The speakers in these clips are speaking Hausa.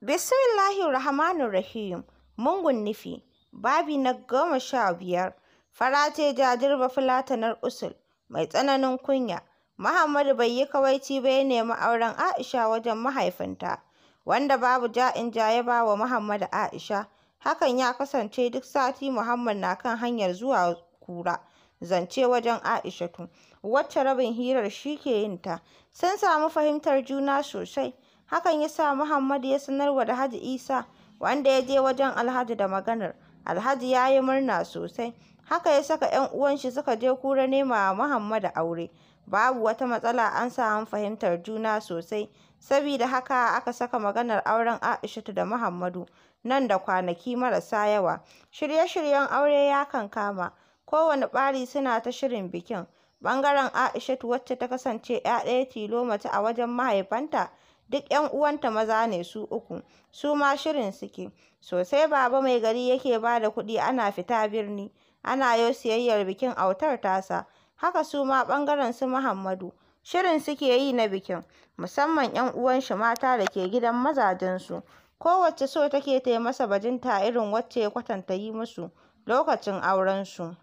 Bismillahirrahmanirrahim. Mungun nufi. Babi na goma sha biyar. Fara ce jajirba fulatanar usul. Mai tsananin kunya. Muhammadu bai yi kawaici ba ya nemi auren Aisha wajen mahaifinta. Wanda babu ja'in ja ya ba wa Muhammadu Aisha. Hakan ya kasance duk sati Muhammad na kan hanyar zuwa kura. zance wajen Aisha Aishatu, wacce rabin hirar shi ke yin ta. Sun samu fahimtar juna sosai. Hakan ya sa Muhammadu ya sanarwa da Haji Isa wanda ya je wajen Alhaji da maganar. Alhaji ya yi murna sosai. Haka ya saka 'yan shi suka je kura nema wa Muhammadu aure. Babu wata matsala an samu fahimtar juna sosai. Sabida haka aka saka maganar auren Aishatu da Muhammadu nan da kwanaki marasa yawa. Shirye-shiryen aure ya kankama. Kowane ɓari suna ta shirin bikin. Ɓangaren Aishatu wacce ta kasance 'ya tilo mace a wajen mahaifanta duk 'yan uwanta maza ne su uku, su ma shirin suke. Sosai Baba mai gari yake ba da kuɗi ana fita birni, ana yo siyayyar bikin autar tasa. Haka su ma ɓangaren su Muhammadu, shirin suke yi na bikin, musamman 'yan shi mata da ke gidan mazajensu. Kowacce so take ta yi masa bajinta irin wacce ya kwatanta yi musu lokacin aurensu.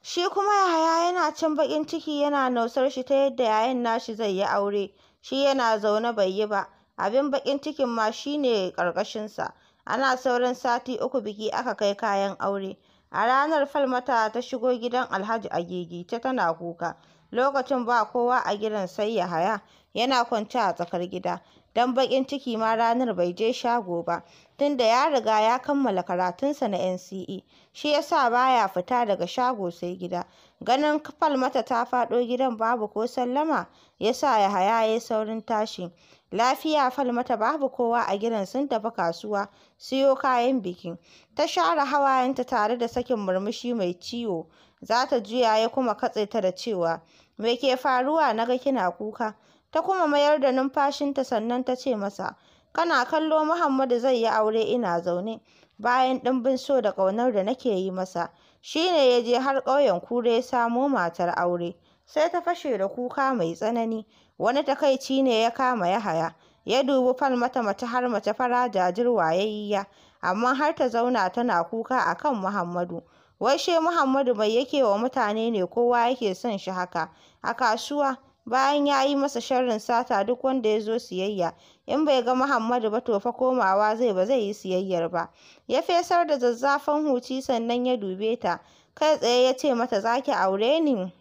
Shi kuma Yahaya yana can baƙin ciki yana nausar shi ta yadda yayan nashi zai yi aure. shi yana zaune bai yi ba abin baƙin cikin ma shi ne ƙarƙashinsa ana sauran sati uku biki aka kai kayan aure a ranar falmata ta shigo gidan alhaji a ta tana kuka lokacin ba kowa a gidan sai yahaya yana kwance a tsakar gida don baƙin ciki ma ranar bai je shago ba tunda ya riga ya kammala karatunsa na NCE, shi ya sa ba fita daga shago sai gida. Ganin Falmata ta faɗo gidan babu ko sallama ya sa Yahaya ya saurin tashi. Lafiya Falmata babu kowa a gidan sun tafi kasuwa siyo kayan biki. Ta share hawayenta tare da sakin murmushi mai ciwo. Za ta juya ya kuma katse ta da cewa, me ke faruwa na ga kina kuka? ta kuma mayar da numfashinta sannan ta ce masa kana kallo Muhammadu zai yi aure ina zaune bayan ɗimbin so da ƙaunar da nake yi masa shi ne ya je har ƙauyen Kure ya samo matar aure sai ta fashe da kuka mai tsanani wani takaici ne ya kama ya haya. ya dubi fal mata mace har mace fara jajir ya. amma har ta zauna tana kuka akan Muhammadu wai she Muhammadu mai yake wa mutane ne kowa yake son shi haka a kasuwa bayan ya yi masa sharrin sata duk wanda ya zo siyayya in bai ga Muhammadu ba to fa komawa zai ba zai yi siyayyar ba ya fesar da zazzafan huci sannan ya dube ta kai tsaye ya ce mata za ki aure ni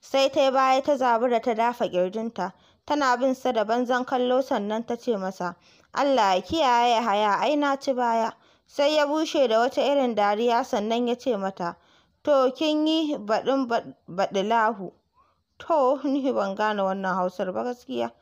sai ta baya ta zabura ta dafa ƙirjinta tana bin sa da banzan kallo sannan ta ce masa Allah ya kiyaye haya ai na ci baya sai ya bushe da wata irin dariya sannan ya ce mata to kin yi baɗin lahu." To ni ban gane wannan Hausar ba gaskiya.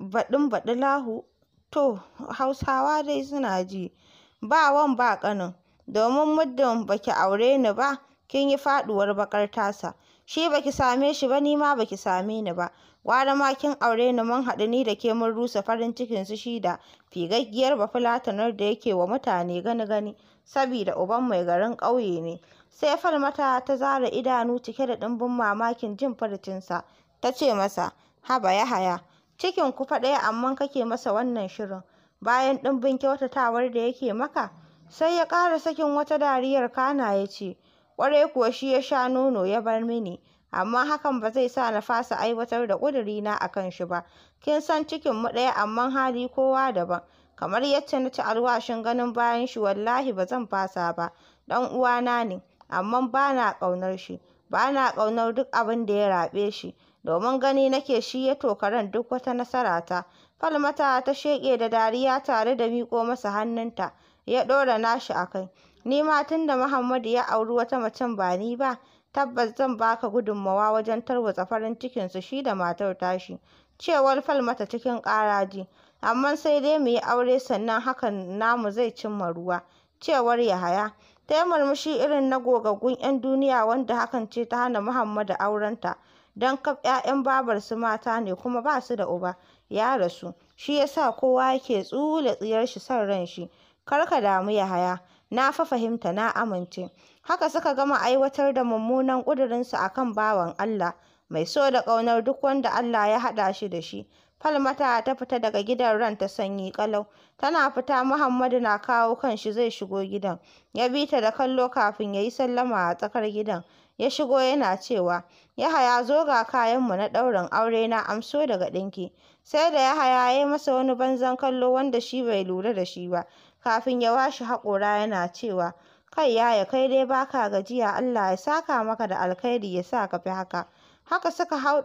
Baɗin baɗi lahu. To Hausawa dai suna ji. Ba wan ba ƙanin. Domin muddin baki aure ni ba, kin yi faɗuwar baƙar tasa. Shi baki same shi ba, ni ma baki same ni ba. Gwara ma kin aure ni mun haɗu ni da ke mun rusa farin cikinsu shi da figaggiyar bafulatanar da yake wa mutane gani-gani, sabida uban mai garin ƙauye ne. Sai Falmata ta zara idanu cike da ɗimbin mamakin jin furcinsa, ta ce masa, Haba Yahaya, cikin ku faɗaya amma kake masa wannan shirin, bayan ɗimbin kyautatawar da yake maka? Sai ya ƙara sakin wata dariyar kana ya ce, Ƙwarai kuwa shi ya sha nono ya bar mini, amma hakan ba zai sa na fasa aiwatar da ƙudurina a kan shi ba. Kin san cikin mu ɗaya amma hali kowa daban. Kamar yadda na ci alwashin ganin bayan shi wallahi ba zan fasa ba, ɗan uwana ne. amma ba na ƙaunar shi, ba na ƙaunar duk abin da ya raɓe shi, domin gani nake shi ya tokaran duk wata nasara ta. Falmata ta sheƙe da dariya tare da miƙo masa hannunta, ya ɗora nashi a kai. Ni ma tun da Muhammadu ya auri wata macen ba ni ba, tabbas zan baka gudunmawa wajen tarwatsa farin cikinsu shi da matar tashi. Cewar Falmata cikin ƙaraji. Amma sai dai mu yi aure sannan hakan namu zai cimma ruwa. Cewar Yahaya. Ta yi murmushi irin na gogaggun 'yan duniya wanda hakan ce ta hana Muhammadu aurenta, don kaf 'ya'yan babarsu mata ne kuma ba su da uba, ya rasu, shi ya sa kowa yake tsula shi son ranshi. Kar ka damu Yahaya, na fa fahimta na amince. Haka suka gama aiwatar da mummunan ƙudurinsu a kan bawan Allah, mai so da ƙaunar duk wanda Allah ya haɗa shi da shi. Falmata ta fita daga gidan ranta sanyi ƙalau. Tana fita Muhammadu na kawo kanshi zai shigo gidan. Ya bi ta da kallo kafin ya yi sallama a tsakar gidan. Ya shigo yana cewa, Yahaya zo ga kayanmu na ɗaurin aure na amso daga ɗinki. Sai da Yahaya ya yi masa wani banzan kallo wanda shi bai lura da shi ba. Kafin ya washe haƙora yana cewa, kai yaya kai dai baka gajiya Allah ya saka maka da alkhairi ya sa ka fi haka. Haka suka hau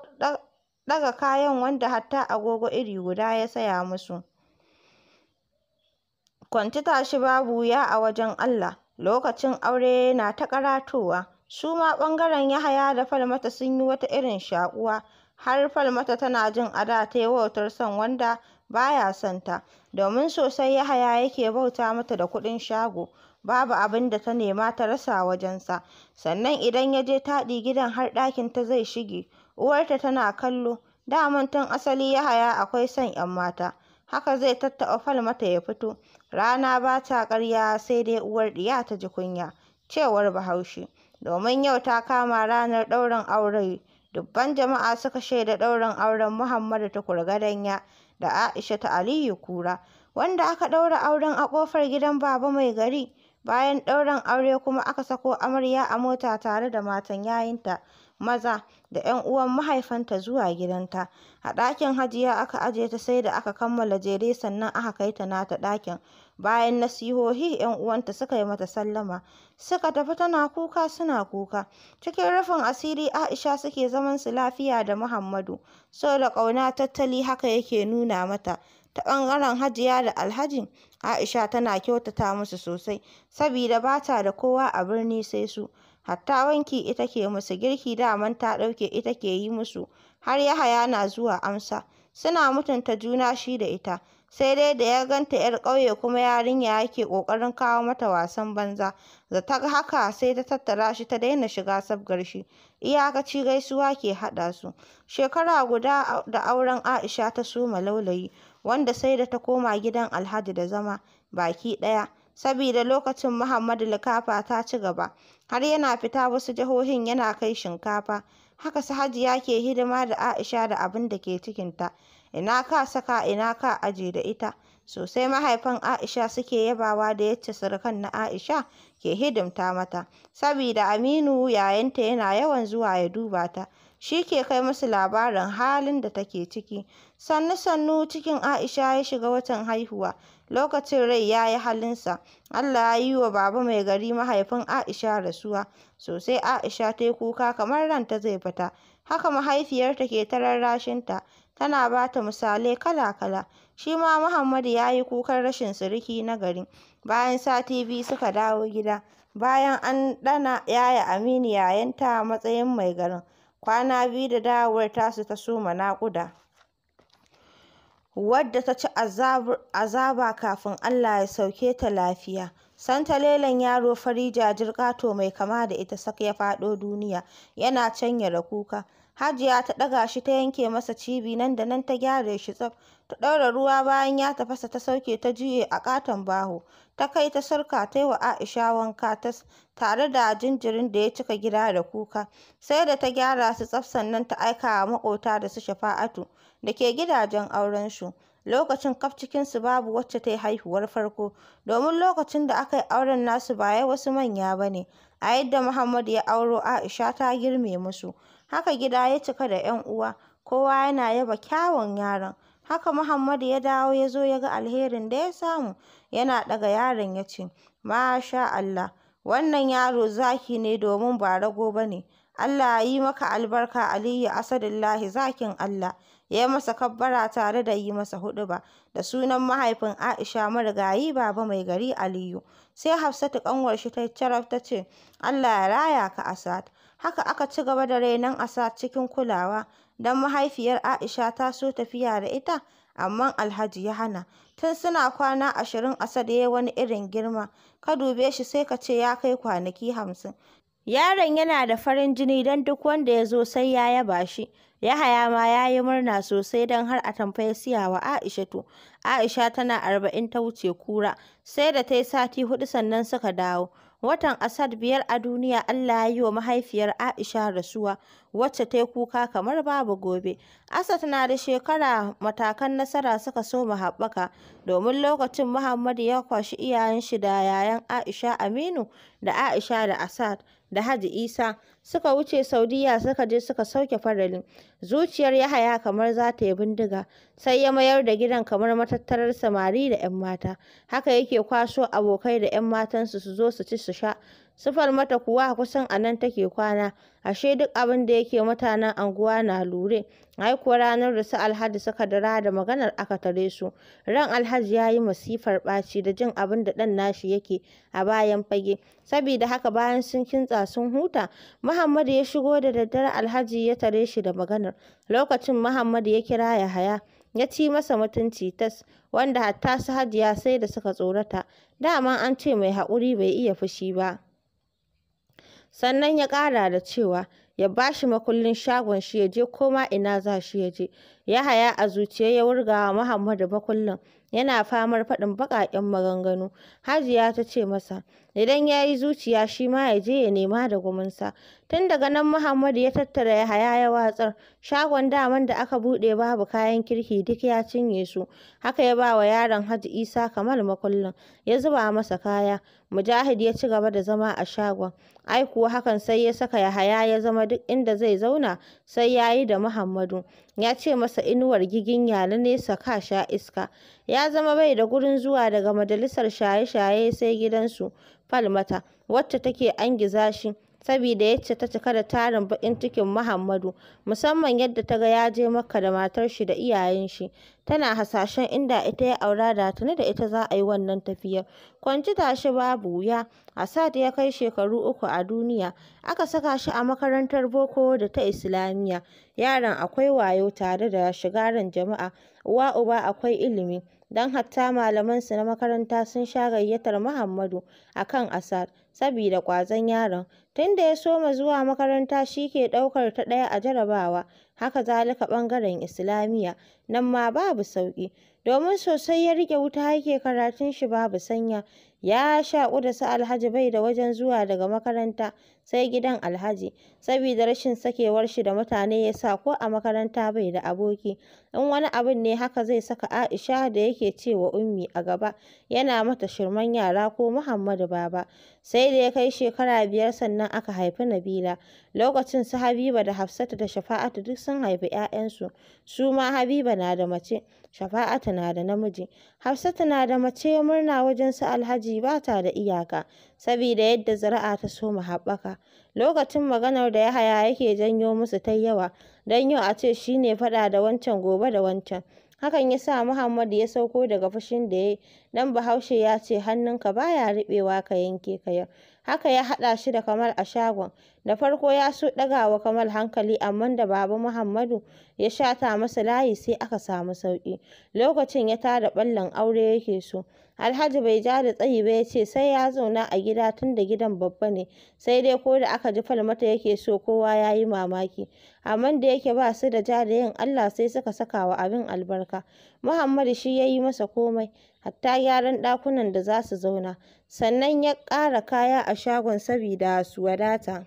ɗaga kayan wanda hatta agogo iri guda ya saya musu. Kwanti tashi babu wuya a wajen Allah, lokacin aure na ta ƙaratowa, su ma ɓangaren Yahaya da Falmata sun yi wata irin shaƙuwa, har Falmata tana jin a da ta yi wautar son wanda ba ya son ta, domin sosai Yahaya yake bauta mata da kuɗin shago, babu abin da ta nema ta rasa wajensa, sannan idan ya je taɗi gidan har ɗakinta zai shige. uwarta tana kallo, daman tun asali Yahaya akwai son 'yan mata, haka zai tattaɓa fal mata ya fito, rana ba ta ƙarya sai dai uwar ɗiya ta ji kunya, cewar Bahaushe, domin yau ta kama ranar ɗaurin aure, dubban jama'a suka shaida ɗaurin auren Muhammadu Tukur Gadanya da Aisha ta Aliyu Kura, wanda aka ɗaura auren a ƙofar gidan Baba Mai Gari. Bayan ɗaurin aure kuma aka sako amarya a mota tare da matan yayinta. maza da 'yan uwan mahaifanta zuwa gidanta. A ɗakin Hajiya aka aje ta sai da aka kammala jere sannan aka kai ta nata ɗakin. Bayan nasihohi 'yan uwanta suka yi mata sallama, suka tafi tana kuka suna kuka. Cikin rufin asiri Aisha suke zaman su lafiya da Muhammadu. So da ƙauna tattali haka yake nuna mata. Ta ɓangaren Hajiya da Alhaji, Aisha tana kyautata musu sosai, sabida ba ta da kowa a birni sai su. hatta wanki ita ke musu girki daman ta ɗauke ita ke yi musu har Yahaya na zuwa amsa suna mutunta juna shi da ita sai dai da ya ganta 'yar ƙauye kuma yarinya yake ƙoƙarin kawo mata wasan banza da ta ga haka sai ta tattara shi ta daina shiga sabgar shi iyakaci gaisuwa ke haɗa su shekara guda da auren Aisha ta soma laulayi wanda sai da ta koma gidan Alhaji da zama baki ɗaya sabida lokacin Muhammadu Likafa ta ci gaba har yana fita wasu jihohin yana kai shinkafa. Haka su Hajiya ke hidima da Aisha da abin da ke cikinta, ina ka saka ina ka aje da ita. Sosai mahaifan Aisha suke yabawa da yacce surukan na Aisha ke hidimta mata, sabida Aminu yayanta yana yawan zuwa ya duba ta. shi ke kai musu labarin halin da take ciki. Sannu-sannu cikin Aisha ya shiga watan haihuwa, lokacin rai ya yi halinsa. Allah ya yi wa Baba Mai Gari mahaifin Aisha rasuwa, sosai Aisha ta yi kuka kamar ranta zai fita. Haka mahaifiyarta ke tararrashinta tana ba ta misalai kala-kala. Shi ma Muhammadu ya yi kukan rashin siriki na gari. Bayan sati biyu suka dawo gida, bayan an ɗana Yaya Aminu yayanta a matsayin mai garin. Kwana biyu da dawowar tasu ta soma naƙuda, wadda ta ci azaba kafin Allah ya sauke ta lafiya. Santalelen yaro fari jirgato mai kama da ita sak ya faɗo duniya, yana can kuka. Hajiya ta ɗaga shi ta yanke masa cibi nan da nan ta gyara shi tsaf, ta ɗaura ruwa bayan ya tafasa ta sauke ta juye a ƙaton baho, ta kai ta sarka ta yi wa Aisha wanka ta tare da jinjirin da ya cika gida da kuka, sai da ta gyara su tsaf sannan ta aika wa maƙota da su Shafa'atu da ke gidajen aurensu. lokacin kaf cikinsu babu wacce ta yi haihuwar farko domin lokacin da aka yi auren nasu ba ya wasu manya ba ne a yadda Muhammad ya auro Aisha ta girme musu Haka gida ya cika da 'yan uwa, kowa yana yaba kyawun yaron. Haka Muhammadu ya dawo ya zo ya ga alherin da ya samu, yana ɗaga yaron ya ce, Masha Allah, wannan yaro zaki ne domin ba rago ba ne. Allah ya yi maka albarka Aliyu Asadullahi zakin Allah. Ya yi masa kabbara tare da yi masa ba, da sunan mahaifin Aisha marigayi Baba Mai Gari Aliyu. sai Hafsatu ƙanwar shi ta yi caraf ta ce, Allah ya raya ka Asad. Haka aka ci gaba da renon Asad cikin kulawa, don mahaifiyar Aisha ta so tafiya da ita, amma Alhaji ya hana. Tun suna kwana ashirin Asad ya yi wani irin girma, ka dube shi sai ka ce ya kai kwanaki hamsin. Yaron yana da farin jini don duk wanda ya zo sai ya yaba shi. Yahaya ma ya yi murna sosai don har a ya siya wa Aisha Aishatu. Aisha tana arba'in ta wuce kura, sai da ta yi sati hudu sannan suka dawo. Watan Asad biyar a duniya Allah ya yi wa mahaifiyar Aisha rasuwa, wacce ta yi kuka kamar babu gobe. Asad na da shekara matakan nasara suka so mu haɓaka domin lokacin Muhammadu ya kwashi iyayen shi da yayan Aisha Aminu da Aisha da Asad da Haji Isa suka wuce Saudiya suka je suka sauke fadalin Zuciyar Yahaya kamar za ta yi bindiga, sai ya mayar da gidan kamar matattarar samari da 'yan mata. Haka yake kwaso abokai da 'yan matansu su zo su ci su sha Sufar mata kuwa kusan a nan take kwana, ashe duk abin da yake mutanen anguwa na lure. Ai kuwa ranar da su Alhaji suka dara da maganar aka tare su, ran Alhaji ya yi masifar ɓaci da jin abin da ɗan nashi yake a bayan fage. Sabida haka bayan sun kintsa sun huta, Muhammadu ya shigo da daddare Alhaji ya tare shi da maganar. Lokacin Muhammadu ya kira Yahaya. ya ci masa mutunci tas wanda hatta su hajiya sai da suka tsorata Dama an ce mai haƙuri bai iya fushi ba Sannan ya ƙara da cewa ya ba shi makullin shagon shi ya je ko ina za shi ya je. Ya haya a zuciya ya wurga wa Muhammadu bakullin. yana famar faɗin baƙaƙen maganganu. Hajiya ta ce masa idan ya yi zuciya shi ma ya je ya nema da gumansa Tun daga nan Muhammadu ya tattara ya haya ya watsar, shagon daman da aka buɗe babu kayan kirki duk ya cinye su, haka ya ba wa yaron Hajji Isa kamar makullin, ya zuba masa kaya. Mujahid ya ci gaba da zama a shagon, ai kuwa hakan sai ya saka Yahaya ya zama duk inda zai zauna sai ya yi da Muhammadu. Ya ce masa inuwar gigin yala nesa ka sha iska, ya zama bai da gurin zuwa daga majalisar shaye-shaye sai gidansu. Falmata, wacce take angiza shi saboda yacce ta cika da tarin baƙin cikin Muhammadu, musamman yadda ta ga ya je Makka da matar shi da iyayen shi. Tana hasashen inda ita ya aura da tuni da ita za a yi wannan tafiyar. Kwanci tashi babu wuya, Asad ya kai shekaru uku a duniya, aka saka shi a makarantar boko da ta Islamiyya. yaran akwai wayo tare da shigaran jama'a, uwa uba akwai ilimi. don hatta malamansu na makaranta sun sha gayyatar Muhammadu a kan Asad sabida ƙwazon yaron, tun da ya soma zuwa makaranta shi ke ɗaukar ta ɗaya a jarabawa, haka zalika ɓangaren Islamiyya, nan ma babu sauƙi, domin sosai ya riƙe wuta yake karatun shi babu sanya, ya shaƙu da su Alhaji bai da wajen zuwa daga makaranta sai gidan Alhaji. saboda rashin sakewar shi da mutane ya sa ko a makaranta bai da aboki. In wani abun ne haka zai saka Aisha da yake cewa Ummi a gaba yana mata shirman yara ko Muhammadu Baba. Sai da ya kai shekara biyar sannan aka haifi Nabila. Lokacin su Habiba da Hafsatu da Shafa'atu duk sun haifi 'ya'yansu. Su ma Habiba na da mace, Shafa'atu na da namiji. Hafsatu na da mace murna wajen su Alhaji ba ta da iyaka, saboda yadda zuri'a ta soma haɓaka. Lokacin maganar da Yahaya yake janyo musu ta yawa, don yau a ce shi ne faɗa da wancan gobe da wancan. Hakan ya sa Muhammad ya sauko daga fushin da ya yi, don Bahaushe ya ce hannunka baya ya riɓewa ka yanke ka yau. Haka ya haɗa shi da kamar a shagon. Da farko ya so ɗagawa kamar hankali amma da Baba Muhammadu ya shata masa layi sai aka samu sauƙi. Lokacin ya tara ɓallon aure yake so. Alhaji bai ja da tsayi ba ya ce sai ya zauna a gida tun da gidan babba ne. Sai dai ko da aka ji falmata yake so kowa ya yi mamaki. Amma da yake ba su da ja da yin Allah sai suka saka wa abin albarka. Muhammadu shi ya yi masa komai. hatta gyaran ɗakunan da za su zauna, sannan ya ƙara kaya a shagon sabida su wadata.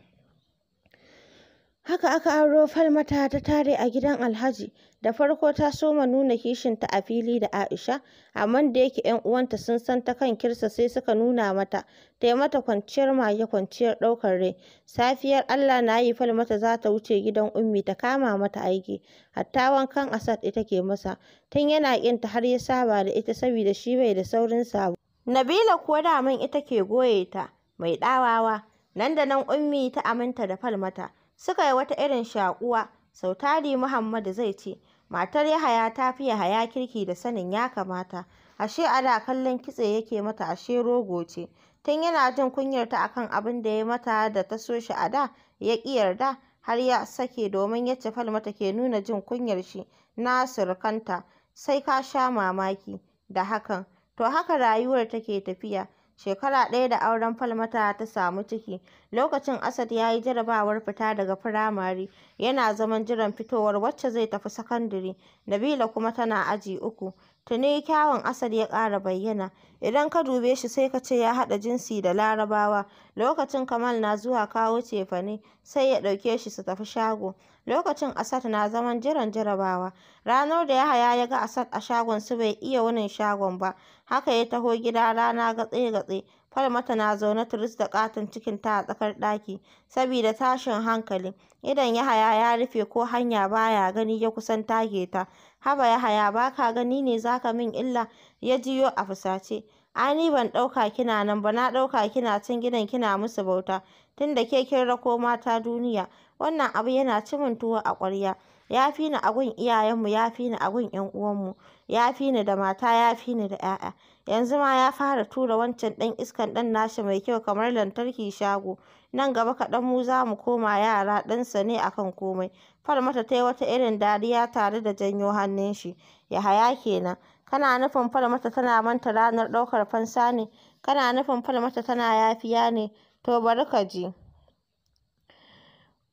Haka aka auro Falmata ta tare a gidan Alhaji. Da farko ta soma nuna kishinta a fili da Aisha, amma da yake ‘yan uwanta sun san ta kan kirsa sai suka nuna mata, ta yi mata kwanciyar maye kwanciyar ɗaukar rai. Safiyar Allah na yi Falmata za ta wuce gidan Ummi ta kama mata aiki, hatta wankan Asad ita ke masa, tun yana ƙinta har ya saba da ita saboda shi bai da saurin sabo. Nabila kuwa daman ita ke goye ta, mai ɗawawa, nan da nan Ummi ta aminta da Falmata. Suka yi wata irin shaƙuwa, sautari tari Muhammadu zai ce, matar Yahaya ta fi Yahaya kirki da sanin ya kamata, ashe a da kallon kitse yake mata ashe rogo ce, tun yana jin kunyarta a kan abin da ya mata da ta so shi a da, ya ƙi yarda, har ya sake domin yacce Falmata ke nuna jin kunyar shi na surukanta, sai ka sha mamaki da hakan. To haka rayuwar take tafiya. Shekara ɗaya da auren Falmata ta samu ciki, lokacin Asad ya yi jarabawar fita daga firamare, yana zaman jiran fitowar wacce zai tafi sakandire, Nabila kuma tana aji uku. tuni kyawun Asad ya ƙara bayyana, idan ka dube shi sai ka ce ya haɗa jinsi da Larabawa, lokacin Kamal na zuwa kawo cefane, sai ya ɗauke shi su tafi shago, lokacin Asad na zaman jiran jarabawa, ranar da Yahaya ya ga Asad a shagon su bai iya wani shagon ba, haka ya taho gida rana gatse-gatse, Falmata na zaune turis da ƙaton cikinta a tsakar ɗaki, sabida tashin hankali, Idan Yahaya ya rufe ko hanya baya gani ya kusan tage ta. haba Yahaya ba ka gani ne za ka min illa ya jiyo a fusace ai ni ban ɗauka kina nan ba na ɗauka kina cin gidan kina musu bauta tunda ke kin rako mata duniya wannan abu yana ci min tuwo a ƙwarya ya fi ni a gun iyayenmu ya fi ni a gun ƴan uwanmu ya fi ni da mata ya fi ni da ƴaƴa yanzu ma ya fara tura wancan ɗan iskan ɗan nashi mai kyau kamar lantarki shago nan gaba kaɗan mu za mu koma yara ɗansa ne kan komai Falmata ta yi wata irin dariya tare da janyo hannun shi Yahaya kenan kana nufin Falmata tana manta ranar ɗaukar fansa ne kana nufin Falmata tana yafiya ne to bari ka ji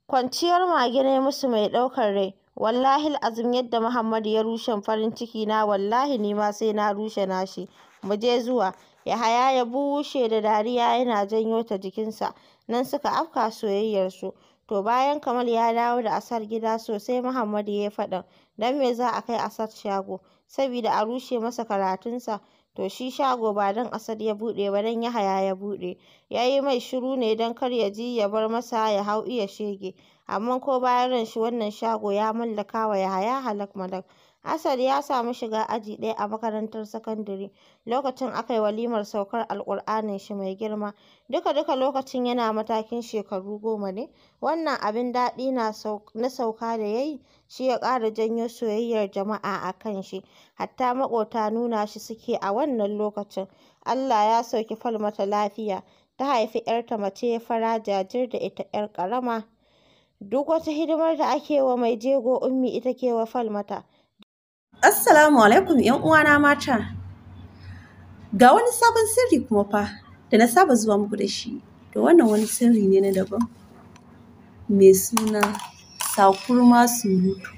kwanciyar mage ne musu mai ɗaukar rai wallahi azum yadda Muhammadu ya rushe farin ciki na wallahi ni ma sai na rushe nashi mu je zuwa Yahaya ya bushe da dariya yana janyo ta jikinsa nan suka afka soyayyarsu. To bayan Kamal ya dawo da asar gida sosai Muhammad ya yi faɗan, don me za a kai asar shago, saboda a rushe masa karatunsa. To shi shago ba don asar ya buɗe ba don Yahaya ya buɗe. Ya yi mai shiru ne don kar ya ji ya bar masa ya hau iya shege. Amma ko bayan shi wannan shago ya mallaka wa Yahaya halak malak. Asad ya samu shiga aji ɗaya a makarantar sakandare lokacin aka yi walimar saukar Alƙur'anin shi mai girma, duka-duka lokacin yana matakin shekaru goma ne. Wannan abin daɗi na sauka da yayi? shi ya ƙara janyo soyayyar jama'a a kan shi, hatta maƙota nuna shi suke a wannan lokacin. Allah ya sauki Falmata lafiya, ta haifi 'yarta mace fara jajir da ita 'yar ƙarama. Duk wata hidimar da ake wa mai jego Ummi ita ke wa Falmata. Assalamu alaikum ‘yan uwana mata. Ga wani sabon sirri kuma fa da na saba zuwa muku da shi, da wannan wani sirri ne na daban. Mai suna sakurma surutu.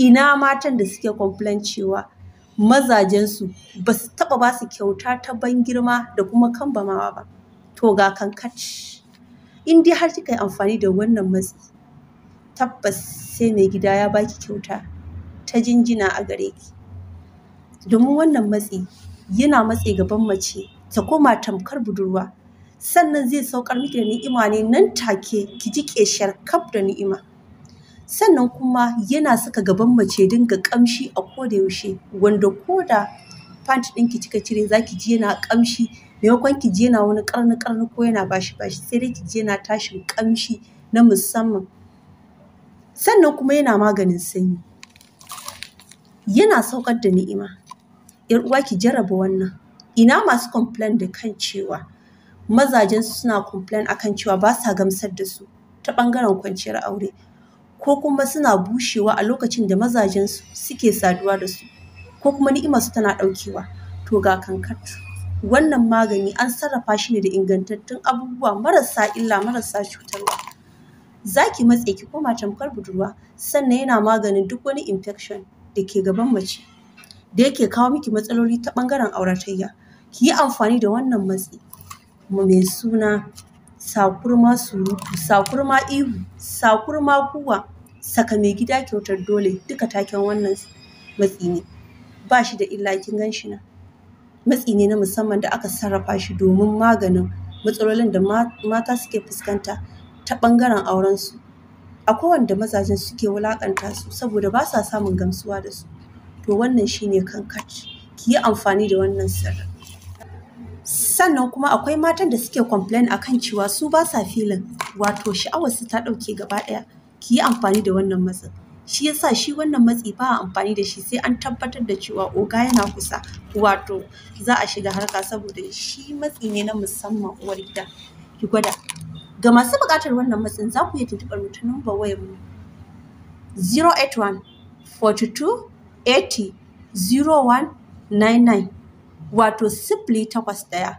Ina matan da suke complain cewa mazajensu ba su taɓa ba su kyauta ta ban girma da kuma kambamawa ba. To ga kankat. In dai har kika yi amfani da wannan matsi, tabbas sai mai gida ya baki kyauta. ta jinjina a gare ki domin wannan matsi yana matse gaban mace ta koma tamkar budurwa sannan zai saukar miki da ni'ima ne nan take ki ji keshiyar kaf da ni'ima sannan kuma yana saka gaban mace dinga kamshi a koda yaushe wanda koda pant ki cika cire zaki ji yana kamshi maimakon ki ji yana wani karni karni ko yana bashi bashi sai dai ki ji yana tashin kamshi na musamman sannan kuma yana maganin sanyi yana saukar da ni'ima yar uwa ki jarraba wannan ina masu complain da kan cewa mazajen su suna complain akan cewa ba sa gamsar da su ta bangaren kwanciyar aure ko kuma suna bushewa a lokacin da mazajen su suke saduwa da su ko kuma ni'imar su tana daukewa to ga kankar wannan magani an sarrafa shi ne da ingantattun abubuwa marasa illa marasa cutarwa za ki matse ki koma tamkar budurwa sannan yana maganin duk wani infection da ke gaban mace da yake kawo miki matsaloli ta bangaren auratayya ki yi amfani da wannan matsi mai suna sakurma surutu sakurma ihu sakurma kuwa saka mai gida kyautar dole duka taken wannan matsi ne ba shi da illa kin gan matsi ne na musamman da aka sarrafa shi domin maganin matsalolin da mata suke fuskanta ta ɓangaren aurensu akwai wanda mazajen suke wulakanta su saboda ba sa samun gamsuwa da su to wannan shine kankat ki yi amfani da wannan sirri sannan kuma akwai matan da suke complain akan cewa su ba sa filin wato sha'awar su ta ɗauke gaba ɗaya ki yi amfani da wannan matsi shi yasa shi wannan matsi ba amfani da shi sai an tabbatar da cewa oga yana kusa wato za a shiga harka saboda shi matsi ne na musamman uwar gida ki gwada Ga masu buƙatar wannan matsin za ku iya tuntuɓar mu ta numbar wayar mu 081 42 80 0199 wato sifili takwas ɗaya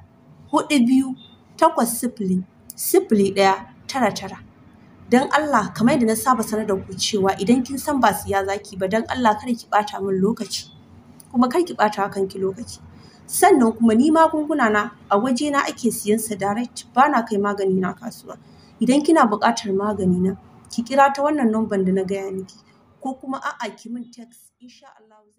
hudu biyu takwas sifili sifili ɗaya tara tara. Don Allah kamar yadda na saba sanar da ku cewa idan kin san ba siya zaki ba don Allah kada ki ɓata min lokaci kuma kar ki ɓata kanki lokaci. sannan kuma ni magunguna na a waje na ake siyan sa direct na kai magani na kasuwa idan kina buƙatar magani na ki kira ta wannan number da na gaya miki ko kuma a'a ki min text insha Allah